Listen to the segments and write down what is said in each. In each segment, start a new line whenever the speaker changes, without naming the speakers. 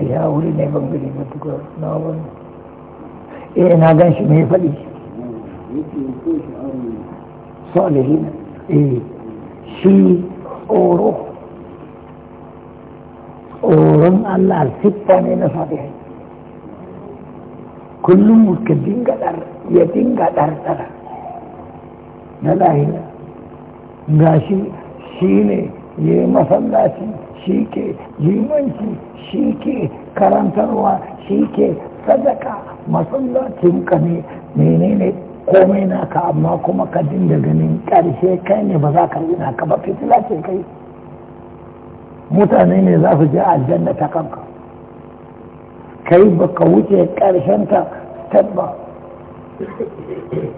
ya wuri ne ban gari ba tuka na wani eh na gan shi mai faɗi salihin eh shi oro oron Allah alfitta ne na salihai kullum muka dinga dar ya dinga dar dara na lahira gashi shi ne yi masallaci shi ke limanci shi ke karantarwa shi ke sadaka masallacin ka ne menene komai naka amma kuma ka dinga ganin karshe kai ne ba za ka yi naka ba fitila ce kai mutane ne za su je aljanna ta kanka kai ba ka wuce ƙarshen ta ba.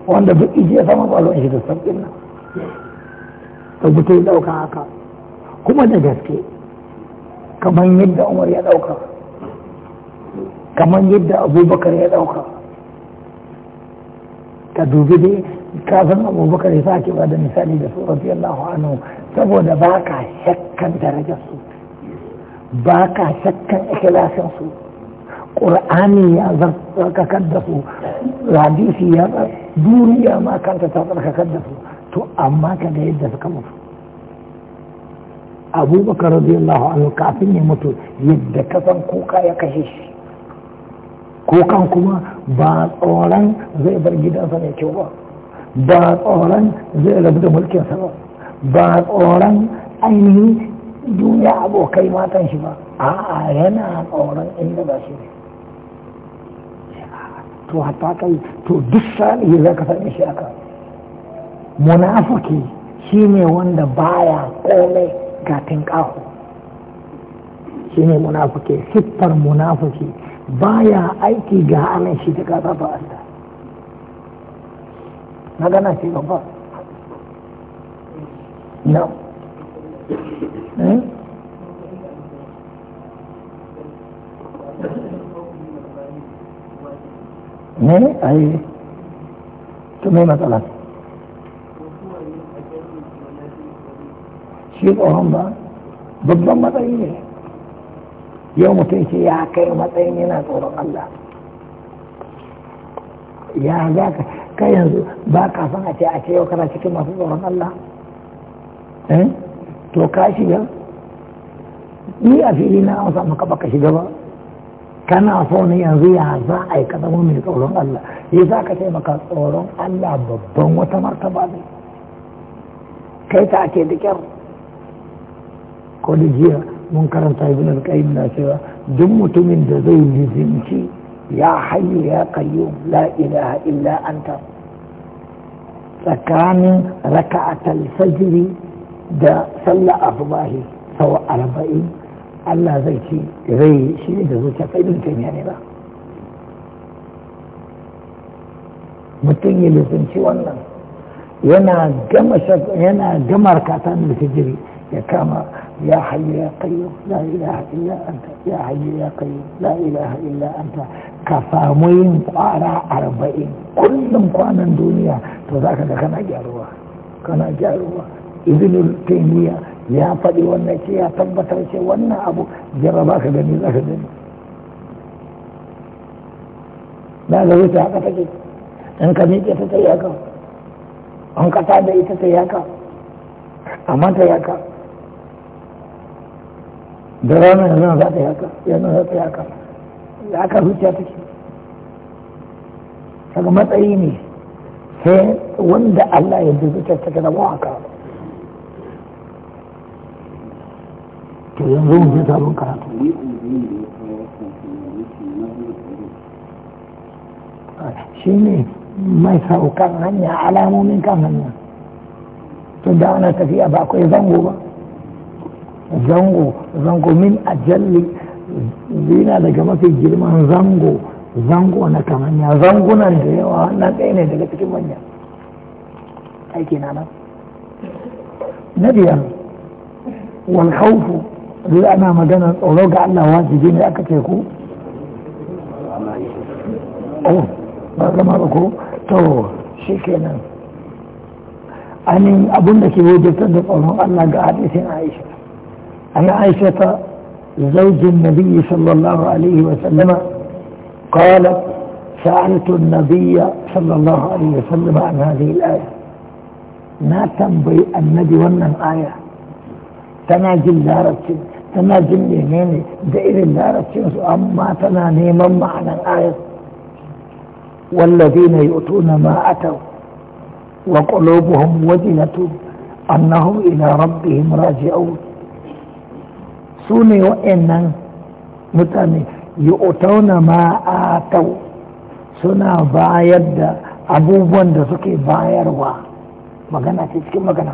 wanda duk ije sama ba zan shi da sabbin nan ta gutu ɗauka haka kuma da gaske kamar yadda umar ya ɗauka kamar yadda abubakar ya ɗauka ka dubi dai kafin abubakar ya sake ba da misali da su Allah anhu saboda ba ka shakkan darajarsu ba ka shakkan ikilasinsu ƙur'ani ya zarkakar da su radisi ya duniya ma kanta ta zarkakar da su to amma ka ga yadda suka mutu abubakar radiyallahu anhu kafin ya mutu yadda kasan kuka ya kashe shi kukan kuma ba tsoron zai bar gidansa mai kyau ba ba tsoron zai rabu da mulkinsa ba ba tsoron ainihin duniya abokai matan shi ba a'a yana tsoron inda ba shi ne to hatta kai to duk salihi za ka sami shi aka munafiki shi ne wanda baya komai gatin ƙaho shi ne munafuke siffar munafuki baya aiki ga anan shi ta ƙasa ba Allah na gana ce na ne a yi to shi tsoron ba babban matsayi ne yau mutum ce ya kai matsayin yana tsoron Allah ya za ka kai yanzu ba ka san a ce a ce yau kana cikin masu tsoron Allah eh to ka shiga ni a fili na an samu ka baka shiga ba kana so ne yanzu ya za a yi kadama mai tsoron Allah ya za ka ce maka tsoron Allah babban wata martaba ne kai ta ake da ko da jiya mun karanta ibn al-qayyim na cewa duk mutumin da zai lizinci ya hayyu ya qayyum la ilaha illa anta tsakanin raka'atul fajr da sallah asubahi sau arba'in Allah zai ci zai shi ne da zuciya kai ibn ne ba mutum ya lizinci wannan yana gama yana gama raka'atul fajr ya kama يا حي يا قيوم لا إله إلا أنت يا حي يا قيوم لا إله إلا أنت كفامين قارا أربعين كلهم قانا دنيا تذاك كان جاروا كان جاروا إذن التيمية يا فدي وانا يا تبتر شي وانا أبو جرباك بني ذاك بني لا لو تعقتك إن كميت يتتياك أنك تعد يتتياك أما تياك da rana yana za ta yaka yana za ta yaka da aka ta ke daga matsayi ne sai wanda Allah ya bi zuciya take da haka to yanzu mun je sabon karatu shi ne mai saukan hanya alamomin kan hanya tun da ana tafiya ba akwai zango ba zango zango min a jalli zina daga mafi girman zango zango na kamanya nan da yawa wannan ɗaya ne daga cikin manya aiki na nan na biyar wal khawfu duk ana magana tsoro ga Allah wajibi ne aka ce ku oh ba zama ba ko to shi kenan anin abin da ke wajen da tsoron Allah ga hadisin Aisha أن عائشة زوج النبي صلى الله عليه وسلم قالت سألت النبي صلى الله عليه وسلم عن هذه الآية ما تنبي النبي ونن آية تنا جل دارت تنا جل نيمين دائر دارت أما تنا نيم معنى الآية والذين يؤتون ما أتوا وقلوبهم وجلة أنهم إلى ربهم راجعون su ne wa'annan mutane a ma'atau suna bayar da abubuwan da suke bayarwa magana ce cikin magana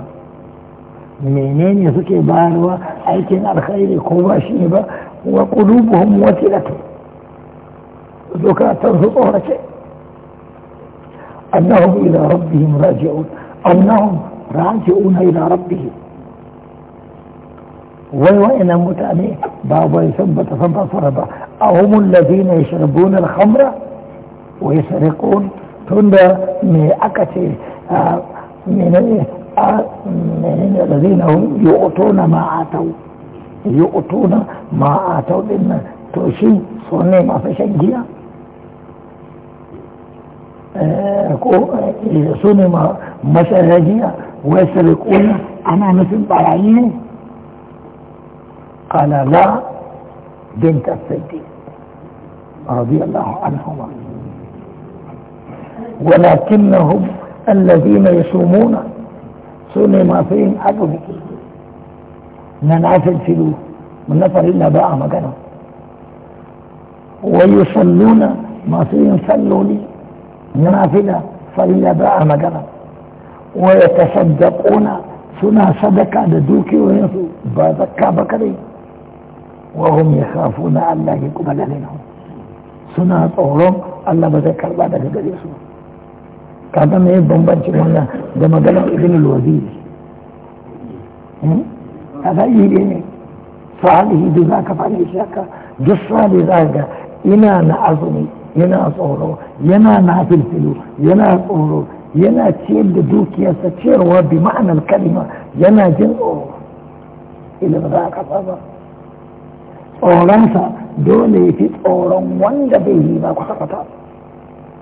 menene suke bayarwa aikin alkhairi ko ba shi ne ba wa qulubuhum wasilatu zukatan su tsorace annahu ila rabbihim raji'un annahu raji'un ila rabbihim والوئن متأني بابا يسب تصب صربا أهم الذين يشربون الخمر ويسرقون تند من أكتي آه، من آه، من الذين هم يؤتون ما آتوا يؤتون ما آتوا لأن توشي صنع ما في شنجيا آه، صنع ما مسرجيا ويسرقون أنا مثل بعينه قال لا بنت الصديق رضي الله عنهما ولكنهم الذين يصومون سنة ما فيهم أبو بكي فلوه من نفر إلا باع مكانه ويصلون ما فيهم صلوا لي ننافلة فإلا باع مكانه ويتصدقون سنة صدقة دوكي وينسوا بذكى بكري وهم يخافون أن لا يقبل لهم سنة طولهم الله بذكر بعد ذلك يسوع كذا ما يبون بنتي ما ابن الوزير هذا يجي إيه؟ إيه؟ صالح جزاك فانيشاك جسر لذلك إنا نعظمي ينا صورو ينا نافل فلو ينا صورو ينا تشير دوك يستشير بمعنى الكلمة ينا جنو إلى ذاك فضل tsoronsa dole ya fi tsoron wanda bai yi ba kwata-kwata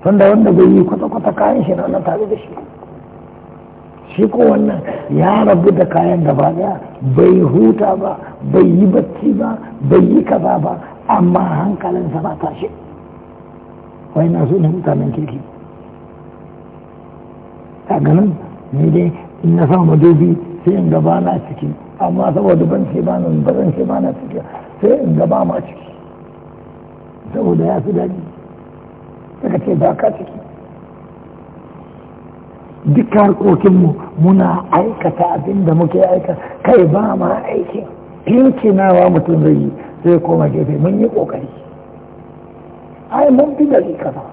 tunda wanda bai yi kwata-kwata kayan shi na tare da shi shi ko wannan ya rabu da kayan gaba daya bai huta ba bai yi bacci ba bai yi kaza ba amma hankalinsa ba tashi wai na su ne mutanen kirki a ganin ni dai in na samu dubi sai in gaba na ciki amma saboda ban ce ba nan ba zan ba na ciki sai in gaba ma ciki saboda ya fi daji daga ce ba ka ciki duka harkokinmu muna aikata abin da muke aikata kai ba ma aikin pinkinawa mutum zai yi zai koma gefe mun yi kokari ai mun fi gari kaza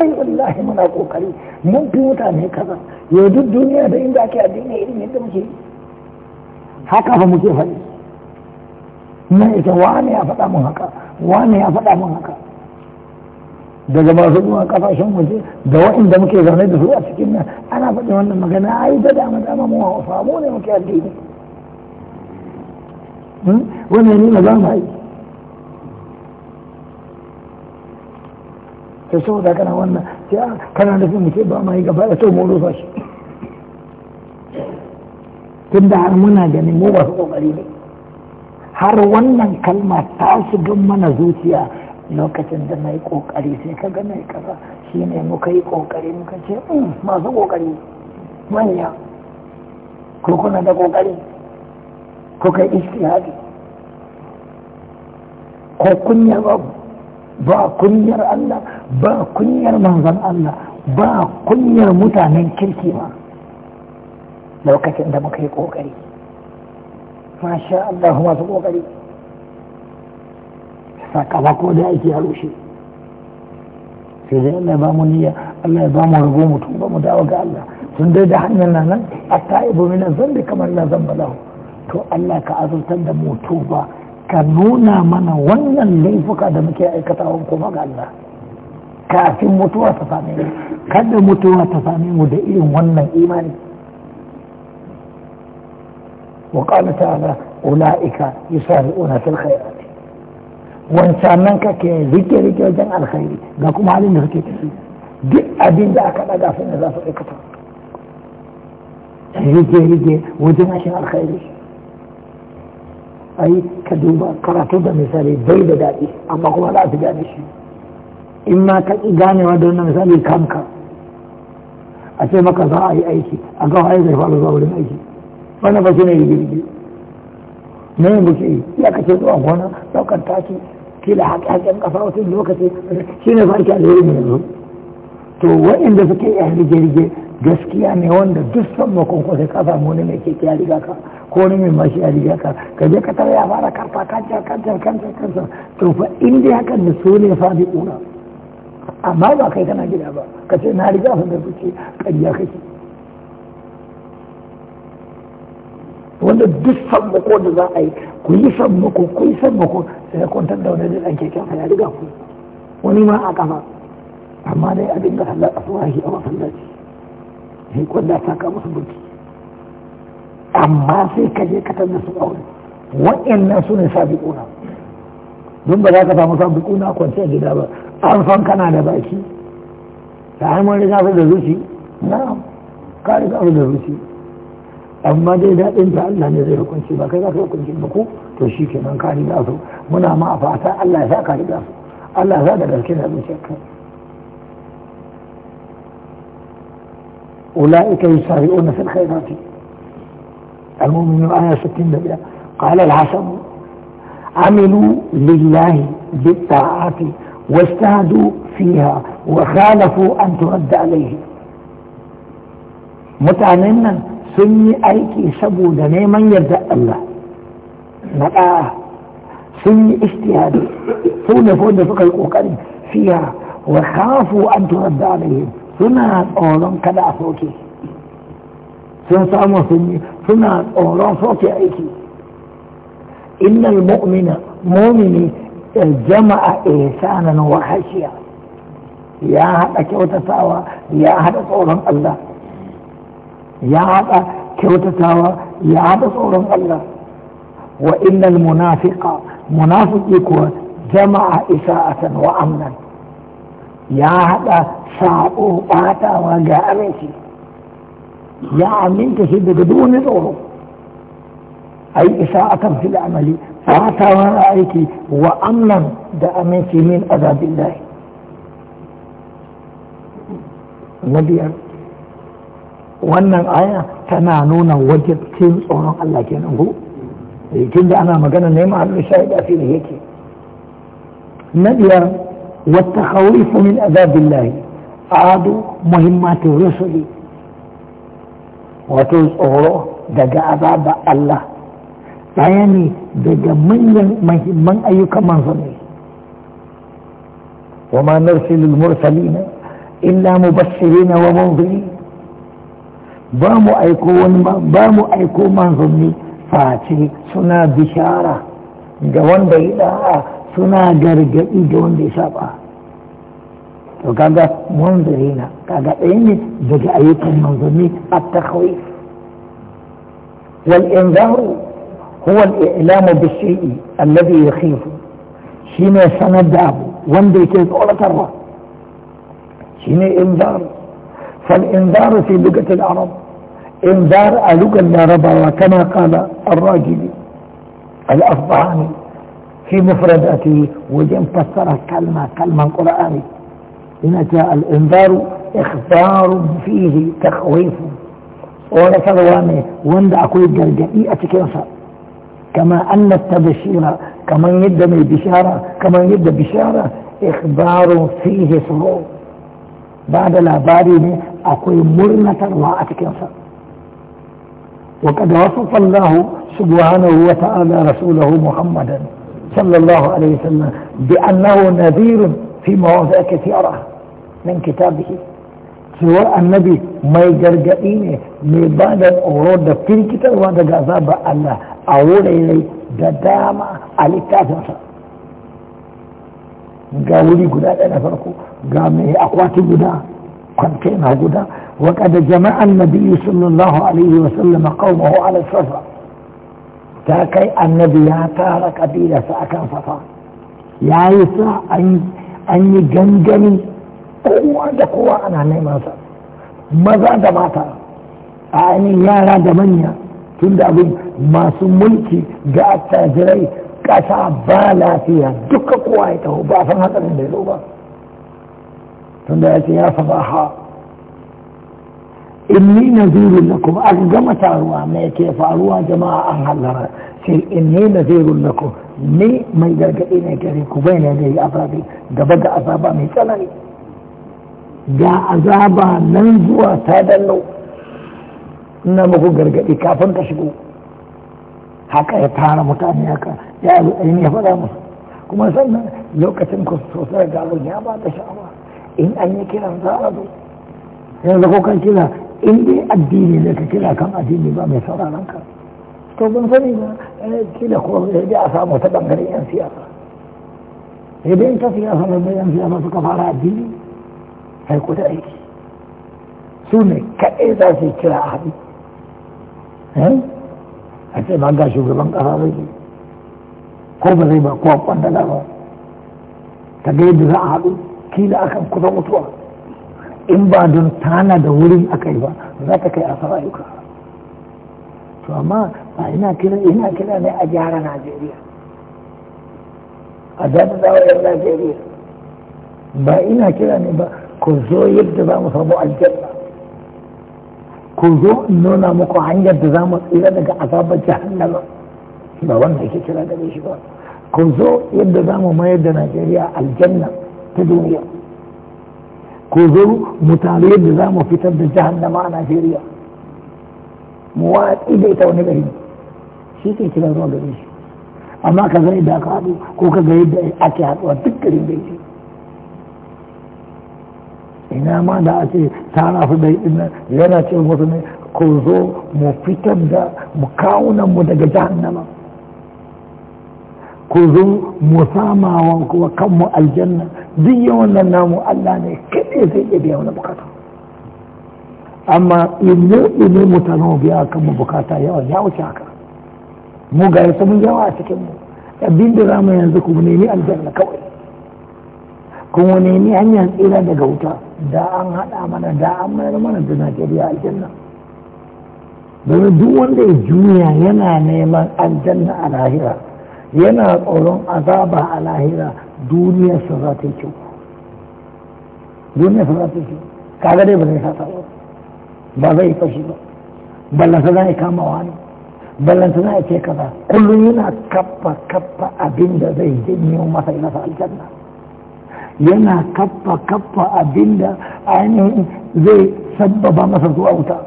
ai wallahi muna kokari mun fi mutane kaza yau duk duniya da inda ake addini irin yadda muke yi haka ba muke faɗi na ita wane ya faɗa mun haka Wani ya faɗa mun haka daga masu zuwa kafashen waje da waɗanda muke zaune da su a cikin nan ana faɗi wannan magana ai da dama dama mu hawa samu ne muke addini hmm? Wani ne ba mu yi ta saboda kana wannan sai kana nufin muke ba ma yi gaba da to mu rufa tun da har muna ganin mu ba su kokari ne har wannan kalma ta shiga mana zuciya lokacin da na yi ƙoƙari sai ka ga mai yi ƙasa shi ne muka yi ƙoƙari muka ce hmm, masu ƙoƙari manya ko kuna da ƙoƙari kuka kai haɗi, ko kunyar ba kunyar Allah ba kunyar manzan Allah ba kunyar mutanen kirki ba lokacin da muka yi ƙoƙari masha Allah masu kokari sakamako da ake rushe sai dai Allah ya ba mu niyya Allah ya ba mu rago mu tuba mu dawo ga Allah sun dai da hanyar nan nan hatta ibu min zambi kamar la zamba lahu to Allah ka azurtar da mu tuba ka nuna mana wannan laifuka da muke aikatawa kuma ga Allah kafin mutuwa ta same mu kada mutuwa ta same mu da irin wannan imani وقال تعالى أولئك يسارعون في الخيرات wancanan kake zikiri ke wajen alkhairi ga kuma halin da suke ciki duk abin aka daga su ne za su aikata rige rige wajen ashin alkhairi ai ka duba karatu da misali bai da daɗi amma kuma za su gane shi in ma ka ƙi ganewa da wannan misali kanka a ce maka za a yi aiki a ga wa'ai zai faru zuwa wurin aiki wannan ba shi ne rigirgi na yin buki ya kace zuwa gona daukar taki kila haƙaƙen ƙasa wasu lokaci shi ne fa ake alheri ne yanzu to waɗanda suke yan rige-rige gaskiya ne wanda duk san makonko sai ka samu wani mai keke ya riga ka ko wani mai mashi ya riga ka ka je ka tara ya fara karfa kancar kancar kancar kancar to fa inda dai hakan da su ne fa bi amma ba kai kana gida ba ka ce na riga sun da suke ƙarya kake wanda duk sammako da za a yi ku yi sammako ku yi sammako sai ya kwantar da wani ɗan keken a ya riga ku wani ma a kama amma dai a dinga sallar asuwahi a masallaci sai kwanda ta kama su burki amma sai ka je ka da su aure waɗannan su ne sabi ƙuna don ba za ka samu sabi ƙuna kwanci a gida ba an san kana da baki da har mun riga da zuci na ka riga da zuci amma dai daɗin ta Allah ne zai hukunci ba kai za ka hukunci ba ku to shi kenan ka riga su muna ma a fata Allah ya saka ka riga su Allah ya sa da gaske na zuciyarka أولئك يسارعون في الخيرات المؤمن آية 65 قال الحسن عملوا لله بالطاعات واجتهدوا فيها وخالفوا أن ترد عليه mutanen nan sun yi aiki saboda neman yarda Allah na ɗaya sun yi istihadi su ne da suka yi ƙoƙari fiya wa khafu an suna tsoron kada a soke sun samu sun yi suna tsoron soke aiki innal mu'mina mu'mini eh, jama'a ihsanan wa khashiya ya haɗa kyautatawa ya haɗa tsoron Allah يا يعد كوتتاوى يعد صورا الله وإن المنافق منافق يكوى جمع إساءة وأمنا يعد ساقو آتا وجاء منتي يا أمينك سيد بدون دوره أي إساءة في العمل آتا ورأيك وأمنا دا أمينك من عذاب الله نبي wannan aya tana nuna wajibcin tsoron Allah ke nan ku tun da ana magana neman hannun shahid a fili yake na biyar wata haurifu min azabillahi adu muhimmatin rusuli wato tsoro daga azaba Allah ɗaya ne daga manyan mahimman ayyukan ne wa ma nursilul mursalina illa mubashirin wa munzirin ba mu aiko wani ba mu aiko manzanni face suna bishara ga wanda ya da'a suna gargaɗi ga wanda ya saba to kaga munzari na kaga ɗaya ne daga ayyukan manzanni a takwai wal inzaru huwa al-i'lamu bi-shay'i alladhi yakhifu shine sanad da abu wanda yake tsoratarwa shine inzaru فالإنذار في لغة العرب إنذار ألغى العرب وكما قال الراجل الأصبعاني في مفرداته وجن فسره كلمة كلمة قرآني إن جاء الإنذار إخبار فيه تخويف ولكن وامي وند أقول جرجائي أتكيوسا كما أن التبشير كما يد من البشارة كما يد بشارة إخبار فيه سرور بعد لا باري أقول مرنة ما cikinsa وقد وصف الله سبحانه وتعالى رسوله محمدا صلى الله عليه وسلم بأنه نذير في مواضع كثيرة من كتابه سواء النبي ما يجرجئين مبادا أورود في الكتاب وهذا عذاب أن أول إلي قدام على التاسع قولي قدام أنا فرقو قام أقواتي قدام قد كان هجدا وقد جمع النبي صلى الله عليه وسلم قومه على الصفا تاكي النبي يا تارك أبيل سأكن صفا يا يسا أني جنجني قوة دقوة أنا نعم أصلا ماذا دماتا أني يا راد منيا تند أبين ما سملكي جاءت تاجري كسا بالا فيها دك قوة يتهو بافن هذا من دلوبة tunda ya ce ya sabaha inni nazirun lakum an gama taruwa me ke faruwa jama'a an hallara sai inni nazirun lakum ni mai gargaɗi ne gare ku bai ne da yi azabi gaba da azaba mai tsanani ga azaba nan zuwa ta dallo ina muku gargaɗi kafin ka shigo haka ya tara mutane haka ya yi ya faɗa musu kuma sannan lokacin ku sosai ga ya ba da sha'awa in an yi kiran za a zo yanzu ko kan kira in dai addini ne ka kira kan addini ba mai sauraron ka to ban sani ba kila ko dai a samu ta bangaren yan siyasa sai dai ta siyasa ne yan siyasa suka fara addini sai ko da aiki su ne kaɗai za su kira a haɗu a ce ba ga shugaban ƙasa ba ke ko ba zai ba ko kwandala ba ta ga yadda za a haɗu kila aka kusa mutuwa in ba don tana da wurin aka yi ba za ta kai asar ayyuka to amma ba ina kira ina kira ne a gyara najeriya a daɗin zawayar najeriya ba ina kira ne ba ku zo yadda za mu samu aljanna ku zo in nuna muku hanyar da za mu tsira daga azabar jahannama ba wannan yake kira gare shi ba ku zo yadda za mu mayar da najeriya aljanna ta duniya ko zo mu yadda za mu fitar da jahannama a Najeriya mu watsi da ita wani gari shi ke kira zuwa gari shi amma ka ga yadda aka haɗu ko ka ga yadda ake haɗuwa duk garin da yake ina ma da ake tara su da ɗin yana ce musu ne ko zo mu fitar da mu kawunan mu daga jahannama ku zo mu samawa kuma kanmu aljanna duk yawan nan namu Allah ne kaɗai zai iya biya wani bukata amma ilmu ilmu mutane mu biya kanmu bukata yawa ya wuce haka mu ga yasa mun yawa a cikin mu abin da zamu yanzu ku nemi aljanna kawai kuma nemi hanyar tsira daga wuta da an haɗa mana da an mayar mana da Najeriya aljanna domin duk wanda ya juya yana neman aljanna a lahira yana tsoron azaba a lahira duniyarsa za ta yi kyau duniyarsa za ta yi kyau kaga dai ba zai sata ba ba zai fashi ba ballanta za a kama wani ballanta za a ce kaza kullum yana kappa kappa abin da zai janyo masa nasa aljanna yana kappa kappa abin da ainihin zai sabbaba masa zuwa wuta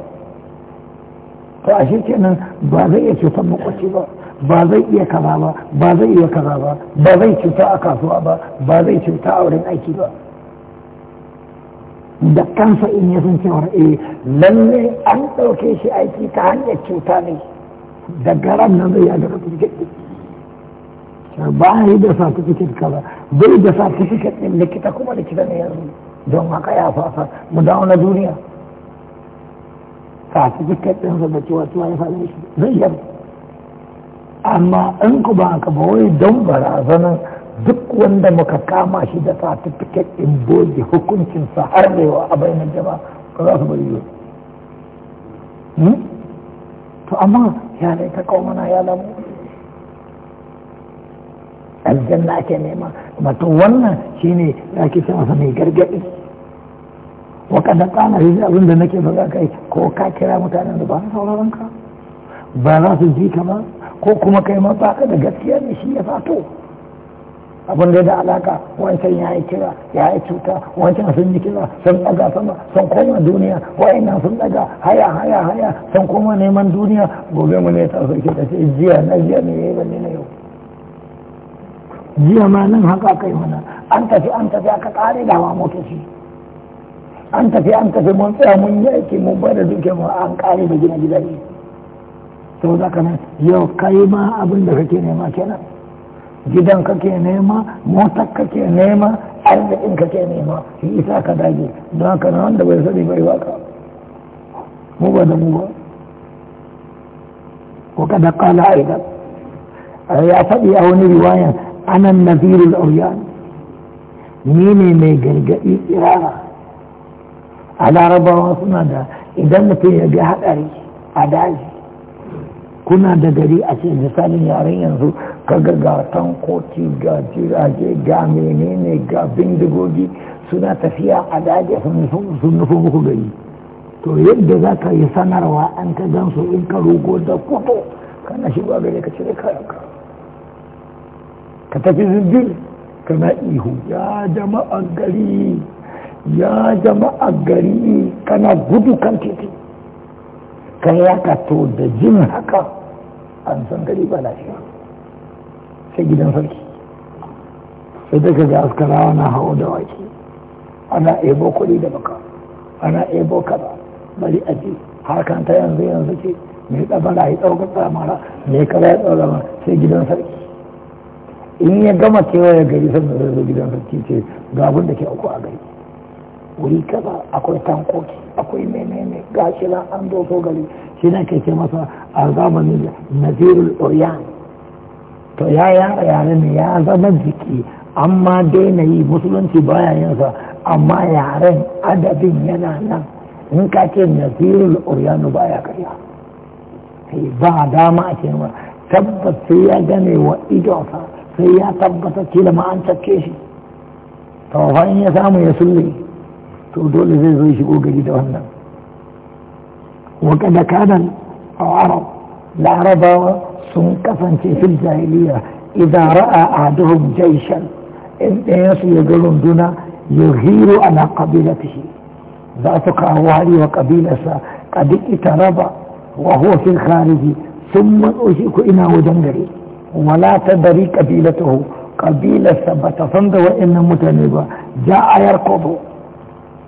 to a shi kenan ba zai iya cutar makwaci ba ba zai iya kaza ba ba zai iya kaza ba ba zai cuta a kasuwa ba ba zai cuta a wurin aiki ba da kansa in ya san cewa e eh, lalle an ɗauke shi aiki ta hanyar cuta ne da garan nan zai yaga certificate ba yi da certificate kaza zai da certificate ɗin likita kuma likita ne yanzu don haka ya fasa mu dawo na duniya certificate ɗinsa da cewa tuwa ya same shi zai yarda amma in ku ba ka ba wai don barazanan duk wanda muka kama shi da certificate in boge sa har da yawa a bayanan jama ba za su bari yi hmm? to amma ya ne ta kaumana ya lamu aljanna ke nema mutum wannan shi ne ya ke ce masa mai gargaɗi wa kada kana shi abin da nake ka kai ko ka kira mutanen da ba na sauraron ka ba za su ji ka ba ko kuma kai mafaka da gaskiya ne shi ya fato abin da da alaka wancan ya yi kira ya yi cuta wancan sun yi kira sun daga sama sun koma duniya wa'ina sun daga haya haya haya sun koma neman duniya gobe mu ne ta sauke ke tafi jiya na jiya ne ya yi balle na yau jiya ma nan haka kai mana an tafi an tafi aka kare da hawa motoci an tafi an tafi mun tsaya mun yi aiki mun bada dukiyar mu an kare da gina gidaje sau da kana yau kai ma abin da kake nema kenan gidan kake nema motar kake nema arzikin kake nema shi isa ka dage don haka nan da bai sani bai waka mu ba da mu ba ko ka da kala aida ya faɗi a wani riwayan anan nazirul auyan ni ne mai gargaɗi tsirara a larabawa suna da idan mutum ya ga hadari a daji kuna da gari a ce misalin yaren yanzu kaga ga koti ga jirage ga menene ga bindigogi suna tafiya a daji sun nufo muku gari to yadda za ka yi sanarwa an ka gansu in ka rogo da kuto kana shigo gari ka cire kayanka ka tafi zindir kana ihu ya jama'a gari ya jama'a gari kana gudu kan titi kai ya kato da jin haka an san gari ba lafiya sai gidan sarki sai daga ga askarawa na hau da wake ana ebo kuɗi da baka ana ebo kaza bari a ji harkan ta yanzu yanzu ce mai tsabara ya ɗaukar tsamara mai kaza ya ɗaukar sai gidan sarki in ya gama kewaye gari sannan zai zo gidan sarki ce ga abin da ke uku a gari wuri kaza akwai tankoki akwai menene gashi na an doso gari shi ne ke ce masa a zamanin nazirul oriyan to ya yara yare ne ya zama jiki amma daina yi musulunci baya yinsa amma yaren adabin yana nan in ka ce nazirul oriyan baya karya ba dama a ce ma tabbas sai ya gane wa idonsa sai ya tabbata kila ma an cafke shi to fa in ya samu ya sulle to dole zai zo shigo gari da wannan wakada kanan a arab larabawa sun kasance fil jahiliya idan ra'a aduhum jaishan in ɗayan su ya ga runduna ya hiro ana ƙabilatihi za su kawo hari wa ƙabilarsa ƙadik ita raba wa huwa fil khariji sun matso shi ku ina wajen gari wala ta dari ƙabilatahu ƙabilarsa ba ta san da wa'annan mutane ba ja a yarkobo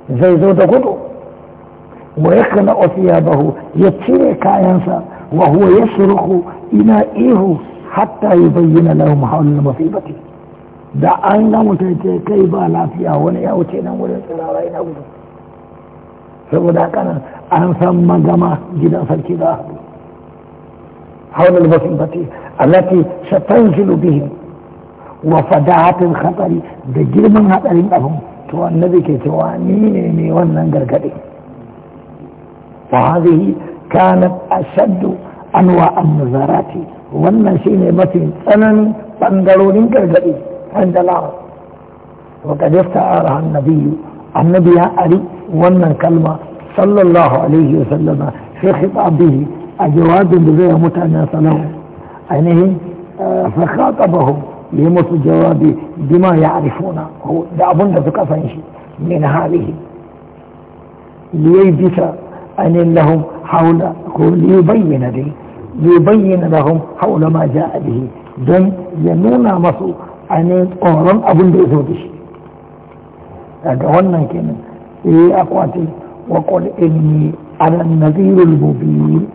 zai zo da gudu wa yakna bahu ya cire kayansa wa huwa yasruku ina ihu hatta yubayyana lahum hawla musibati da an ga kai ba lafiya wani ya wuce nan wurin tsirara na gudu saboda kanan an san magama gidan sarki da حول الوثيقة التي wa بهم hatsari da girman hatsarin الأهم تو النبي كتواني وننقر قدي وهذه كانت أشد أنواع النظرات والنسين مثل ثمني فانقلون انقر قدي عند الله وقد افتعارها النبي النبي علي ومن كلمة صلى الله عليه وسلم في خطابه أجواد بذيه متعنى صلى الله عليه وسلم آه، فخاطبهم لمس الجواب بما يعرفون هو لا أظن ذكفنش من هذه ليبس أن لهم حول ليبين لي ليبين لهم حول ما جاء به دم ينونا مصو أن أعلم أظن ذكفنش أدعونا كنا إيه أقواتي وقل إني أنا النذير المبين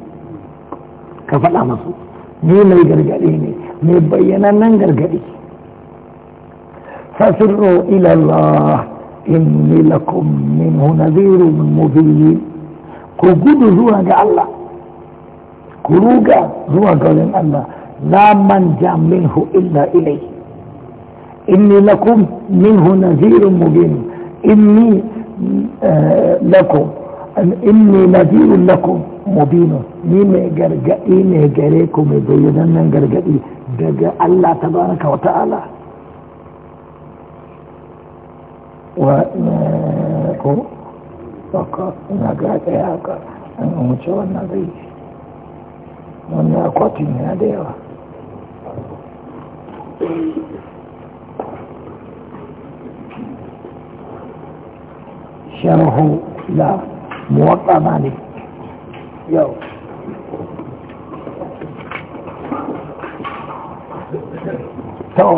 كفلا مصو فسروا إلى الله إني لكم منه نذير مبين كوكود زوناك الله كروكا زوناك الله لا من جاء منه إلا إليه إني لكم منه نذير مبين إني آه لكم أن إني نذير لكم مبين مين جرجئي إيه مهجريكم زيدان من جرجئي جرجاء الله تبارك وتعالى ونقول نقاتي هكا أن أمتشوى النبي ونقاتي من هذه شرحوا لا muwaka ba ne yau